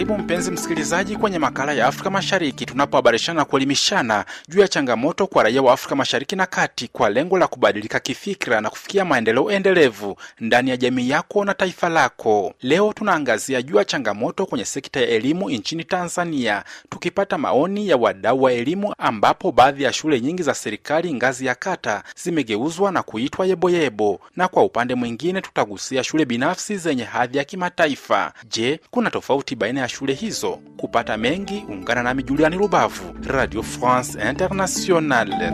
Karibu mpenzi msikilizaji kwenye makala ya Afrika Mashariki tunapohabarishana na kuelimishana juu ya changamoto kwa raia wa Afrika Mashariki na Kati kwa lengo la kubadilika kifikra na kufikia maendeleo endelevu ndani ya jamii yako na taifa lako. Leo tunaangazia juu ya changamoto kwenye sekta ya elimu nchini Tanzania, tukipata maoni ya wadau wa elimu, ambapo baadhi ya shule nyingi za serikali ngazi ya kata zimegeuzwa na kuitwa yeboyebo, na kwa upande mwingine tutagusia shule binafsi zenye hadhi ya kimataifa. Je, kuna tofauti baina ya shule hizo. Kupata mengi, ungana nami Juliani Rubavu, Radio France Internationale.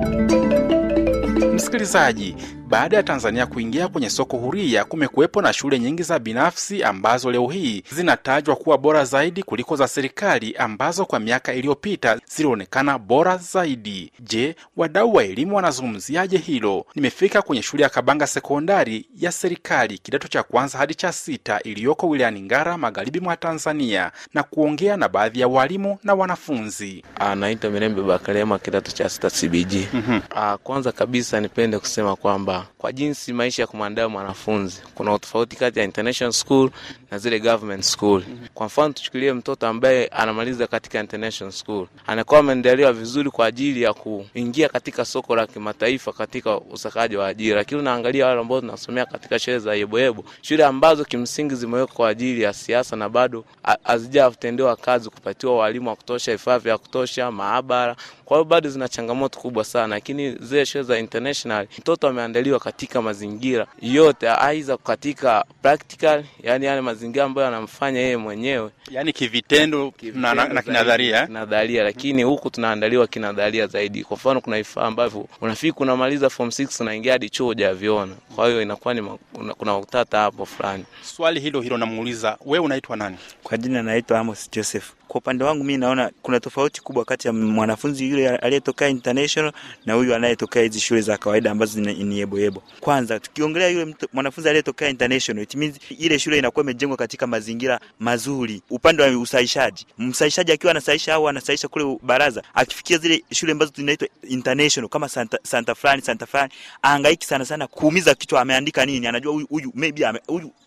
Msikilizaji, baada ya Tanzania kuingia kwenye soko huria, kumekuwepo na shule nyingi za binafsi ambazo leo hii zinatajwa kuwa bora zaidi kuliko za serikali ambazo kwa miaka iliyopita zilionekana bora zaidi. Je, wadau wa elimu wanazungumziaje hilo? Nimefika kwenye shule ya Kabanga sekondari ya serikali kidato cha kwanza hadi cha sita iliyoko wilayani Ngara, magharibi mwa Tanzania, na kuongea na baadhi ya walimu na wanafunzi. Anaitwa ah, Mirembe Bakalema, kidato cha sita CBG. mm -hmm. Ah, kwanza kabisa nipende kusema kwamba kwa jinsi maisha ya kumwandaa mwanafunzi. Kuna utofauti kati ya international school na zile government school. Kwa mfano, tuchukulie mtoto ambaye anamaliza katika international school, anakuwa ameandaliwa vizuri kwa ajili ya kuingia katika soko la kimataifa katika usakaji wa ajira, lakini unaangalia wale ambao tunasomea katika shule za yeboyebo, shule ambazo kimsingi zimewekwa kwa ajili ya siasa na bado hazijatendewa kazi kupatiwa walimu wa kutosha, vifaa vya kutosha, maabara kwa hiyo bado zina changamoto kubwa sana, lakini zile shule za international mtoto ameandaliwa katika mazingira yote, aidha katika practical, yani yale mazingira ambayo anamfanya yeye mwenyewe, yani kivitendo, kivitendo na, na kinadharia eh? kinadharia, lakini huku tunaandaliwa kinadharia zaidi. Kwa mfano, kuna vifaa ambavyo unafika unamaliza form 6 unaingia hadi chuo hujaviona, kwa hiyo inakuwa ni kuna utata hapo fulani. Swali hilo hilo namuuliza wewe, unaitwa nani? Kwa jina naitwa Amos Joseph. Kwa upande wangu mimi naona kuna tofauti kubwa kati ya mwanafunzi yule aliyetokea international na huyu anayetokea hizi shule za kawaida ambazo ni yebo yebo. Kwanza tukiongelea yule mwanafunzi aliyetokea international, it means ile shule inakuwa imejengwa katika mazingira mazuri. Upande wa usaishaji msaishaji akiwa anasaisha au anasaisha kule baraza, akifikia zile shule ambazo zinaitwa international kama Santa, Santa fulani Santa fulani, ahangaiki sana sana kuumiza kichwa, ameandika nini, anajua huyu maybe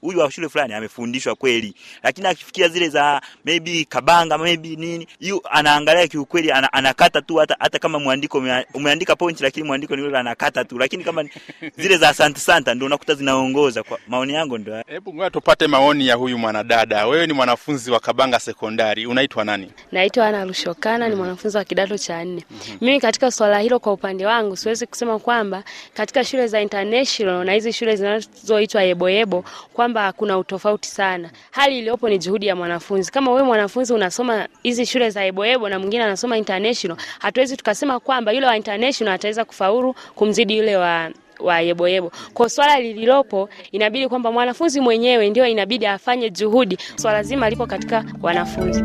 huyu wa shule fulani amefundishwa kweli, lakini akifikia zile za maybe Kabanga maybe nini yu anaangalia kiukweli, ana, anakata tu hata, hata kama mwandiko umeandika point, lakini mwandiko ni yule anakata tu, lakini kama zile za asante santa ndio unakuta zinaongoza. Kwa maoni yangu ndio. Hebu ngoja tupate maoni ya huyu mwanadada. Wewe ni mwanafunzi wa Kabanga Sekondari, unaitwa nani? Naitwa Ana Rushokana. mm -hmm. Ni mwanafunzi wa kidato cha nne. mm -hmm. Mimi katika swala hilo kwa upande wangu siwezi kusema kwamba katika shule za international na hizi shule zinazoitwa yeboyebo kwamba kuna utofauti sana. Hali iliyopo ni juhudi ya mwanafunzi. Kama wewe mwanafunzi unasoma anasoma hizi shule za eboebo na mwingine anasoma international, hatuwezi tukasema kwamba yule wa international ataweza kufaulu kumzidi yule wa wa yeboyebo. Kwa swala lililopo, inabidi kwamba mwanafunzi mwenyewe ndio inabidi afanye juhudi. Swala zima lipo katika wanafunzi.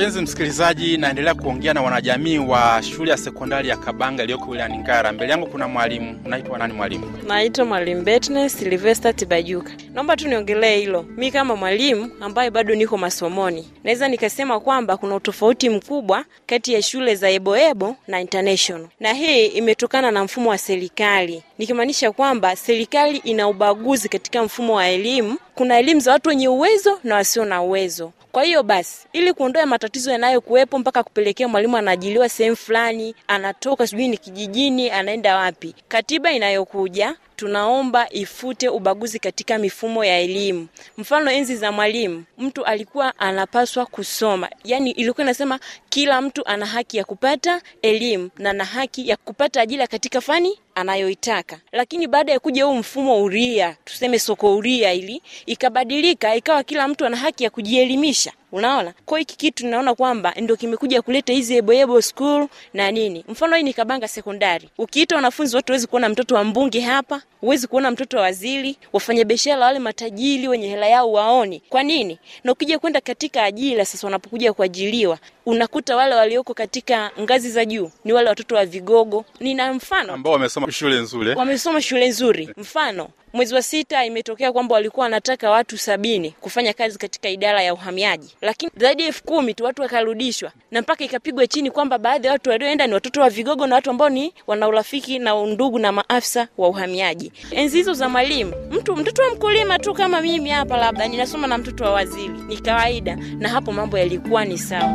Mpenzi msikilizaji, naendelea kuongea na wanajamii wa shule ya sekondari ya Kabanga iliyoko wilayani Ngara. Mbele yangu kuna mwalimu. Unaitwa nani mwalimu? Naitwa mwalimu Betne Silvesta Tibajuka. Naomba tu niongelee hilo. Mi kama mwalimu ambaye bado niko masomoni, naweza nikasema kwamba kuna utofauti mkubwa kati ya shule za eboebo na international, na hii imetokana na mfumo wa serikali, nikimaanisha kwamba serikali ina ubaguzi katika mfumo wa elimu kuna elimu za watu wenye uwezo na wasio na uwezo. Kwa hiyo basi, ili kuondoa matatizo yanayokuwepo mpaka kupelekea mwalimu anaajiliwa sehemu fulani, anatoka sijui ni kijijini, anaenda wapi, katiba inayokuja tunaomba ifute ubaguzi katika mifumo ya elimu. Mfano, enzi za Mwalimu mtu alikuwa anapaswa kusoma, yani ilikuwa inasema kila mtu ana haki ya kupata elimu na ana haki ya kupata ajira katika fani anayoitaka. Lakini baada ya kuja huu mfumo uria, tuseme soko uria, ili ikabadilika, ikawa kila mtu ana haki ya kujielimisha. Unaona, kwa hiki kitu naona kwamba ndio kimekuja kuleta hizi eboebo school na nini. Mfano hii ni Kabanga Sekondari, ukiita wanafunzi wote huwezi kuona mtoto wa mbunge hapa huwezi kuona mtoto wa waziri, wafanyabiashara wale matajiri wenye hela yao waoni. Kwa nini? Na ukija kwenda katika ajira sasa, wanapokuja kuajiliwa unakuta wale walioko katika ngazi za juu ni wale watoto wa vigogo. Nina mfano ambao wamesoma shule nzuri, wamesoma shule nzuri. Mfano, mwezi wa sita imetokea kwamba walikuwa wanataka watu sabini kufanya kazi katika idara ya uhamiaji, lakini zaidi ya elfu kumi tu watu wakarudishwa, na mpaka ikapigwa chini kwamba baadhi ya watu walioenda ni watoto wa vigogo na watu ambao ni wana urafiki na undugu na maafisa wa uhamiaji. Enzi hizo za mwalimu, mtu mtoto wa mkulima tu kama mimi hapa, labda ninasoma na mtoto wa waziri, ni kawaida, na hapo mambo yalikuwa ni sawa.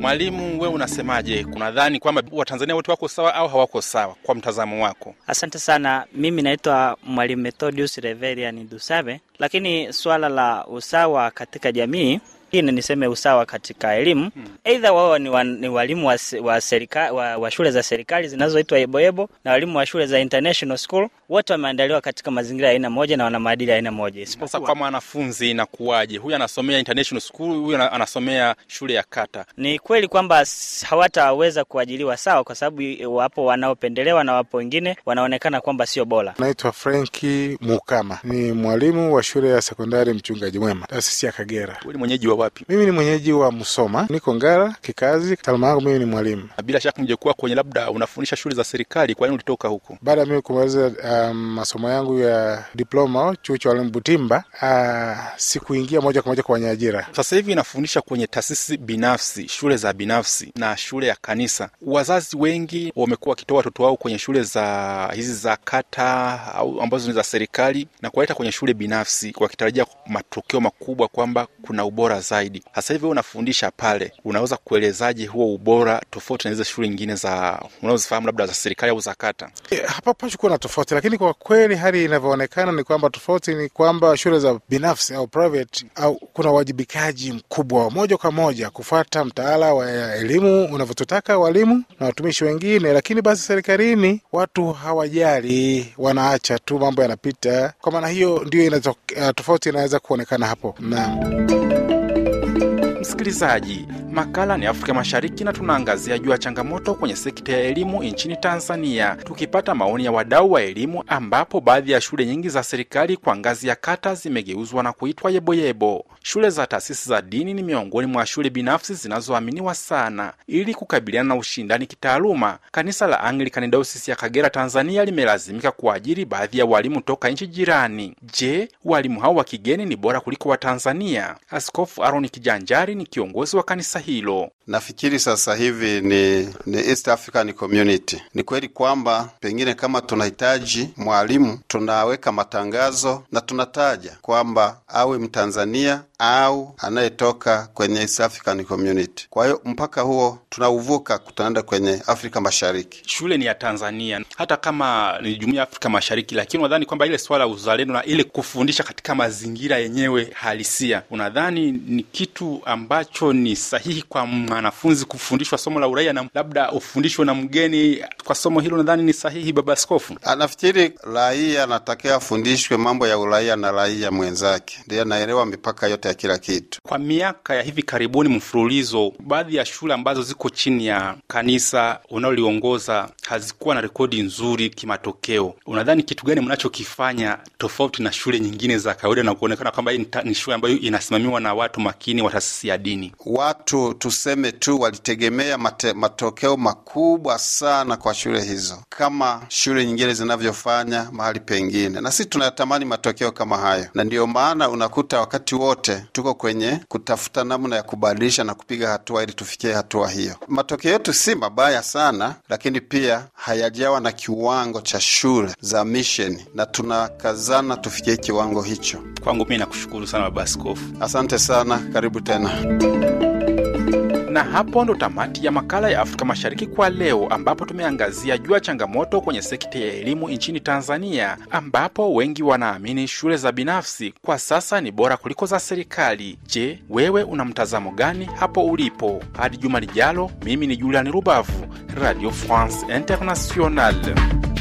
Mwalimu, we unasemaje? Kunadhani kwamba Watanzania wote wako sawa au hawako sawa kwa mtazamo wako? Asante sana. Mimi naitwa Mwalimu Methodius Reverian dusave Lakini suala la usawa katika jamii ni niseme usawa katika elimu, hmm. aidha wao ni, wa, ni walimu wa, wa, serika, wa, wa shule za serikali zinazoitwa yeboyebo na walimu wa shule za international school, wote wameandaliwa katika mazingira ya aina moja na wana maadili ya aina moja. Sasa kwa mwanafunzi inakuwaje? Huyu anasomea international school, huyu anasomea shule ya kata. Ni kweli kwamba hawataweza kuajiliwa sawa, kwa sababu wapo wanaopendelewa na wapo wengine wanaonekana kwamba sio bora. Naitwa Frenki Mukama, ni mwalimu wa shule ya sekondari Mchungaji Mwema, taasisi ya Kagera. Wewe mwenyeji wa wapi? Mimi ni mwenyeji wa Musoma, niko Ngara kikazi, taaluma yangu mimi ni mwalimu. Bila shaka mjekuwa kwenye labda unafundisha shule za serikali, kwa nini ulitoka huku? Baada ya mimi kumaliza um, masomo yangu ya diploma chuo cha walimu Butimba, uh, sikuingia moja kwa moja kwenye ajira. Sasa hivi inafundisha kwenye taasisi binafsi, shule za binafsi na shule ya kanisa. Wazazi wengi wamekuwa wakitoa watoto wao kwenye shule za hizi za kata au ambazo ni za serikali na kuwaleta kwenye shule binafsi wakitarajia matokeo makubwa kwamba kuna ubora zaidi zaidi. Sasa hivi unafundisha pale, unaweza kuelezaje huo ubora tofauti na hizo shule nyingine za unaozifahamu labda za serikali au za kata? Eh, Hapapashi kuwa na tofauti, lakini kwa kweli hali inavyoonekana ni kwamba tofauti ni kwamba shule za binafsi au private au kuna uwajibikaji mkubwa moja kwa moja kufuata mtaala wa elimu unavyotutaka walimu na watumishi wengine, lakini basi serikalini watu hawajali, wanaacha tu mambo yanapita. Kwa maana hiyo ndio eh, tofauti inaweza kuonekana hapo na Msikilizaji, makala ni Afrika Mashariki na tunaangazia juu ya changamoto kwenye sekta ya elimu nchini Tanzania, tukipata maoni ya wadau wa elimu, ambapo baadhi ya shule nyingi za serikali kwa ngazi ya kata zimegeuzwa na kuitwa yeboyebo. Shule za taasisi za dini ni miongoni mwa shule binafsi zinazoaminiwa sana. Ili kukabiliana na ushindani kitaaluma, kanisa la Anglikani dosis ya Kagera, Tanzania limelazimika kuajiri baadhi ya walimu toka nchi jirani. Je, walimu hao wa kigeni ni bora kuliko Watanzania? Askofu Aaron Kijanjari tayari ni kiongozi wa kanisa hilo. Nafikiri sasa hivi ni, ni East African Community. Ni kweli kwamba pengine kama tunahitaji mwalimu, tunaweka matangazo na tunataja kwamba awe Mtanzania au anayetoka kwenye East African Community. Kwa hiyo mpaka huo tunauvuka, tunaenda kwenye Afrika Mashariki. Shule ni ya Tanzania hata kama ni jumuiya ya Afrika Mashariki, lakini unadhani kwamba ile swala ya uzalendo na ile kufundisha katika mazingira yenyewe halisia, unadhani ni kitu ambacho ni sahihi kwa mwanafunzi kufundishwa somo la uraia na labda ufundishwe na mgeni kwa somo hilo, nadhani ni sahihi. Baba Askofu, anafikiri ah, raia anatakiwa afundishwe mambo ya uraia na raia mwenzake, ndiye anaelewa mipaka yote ya kila kitu. Kwa miaka ya hivi karibuni mfululizo, baadhi ya shule ambazo ziko chini ya kanisa unaoliongoza hazikuwa na rekodi nzuri kimatokeo. Unadhani kitu gani mnachokifanya tofauti na shule nyingine za kawaida na kuonekana kwamba ni shule ambayo inasimamiwa na watu makini wa taasisi ya dini. Watu tuseme tu walitegemea mate, matokeo makubwa sana kwa shule hizo, kama shule nyingine zinavyofanya mahali pengine, na sisi tunatamani matokeo kama hayo, na ndiyo maana unakuta wakati wote tuko kwenye kutafuta namna ya kubadilisha na kupiga hatua ili tufikie hatua hiyo. Matokeo yetu si mabaya sana, lakini pia hayajawa na kiwango cha shule za misheni, na tunakazana tufikie kiwango hicho. Kwangu mi nakushukuru sana baba askofu. Asante sana, karibu tena. Na hapo ndo tamati ya makala ya Afrika Mashariki kwa leo, ambapo tumeangazia juu ya changamoto kwenye sekta ya elimu nchini Tanzania, ambapo wengi wanaamini shule za binafsi kwa sasa ni bora kuliko za serikali. Je, wewe una mtazamo gani hapo ulipo? Hadi juma lijalo, mimi ni Julian Rubavu, Radio France internacional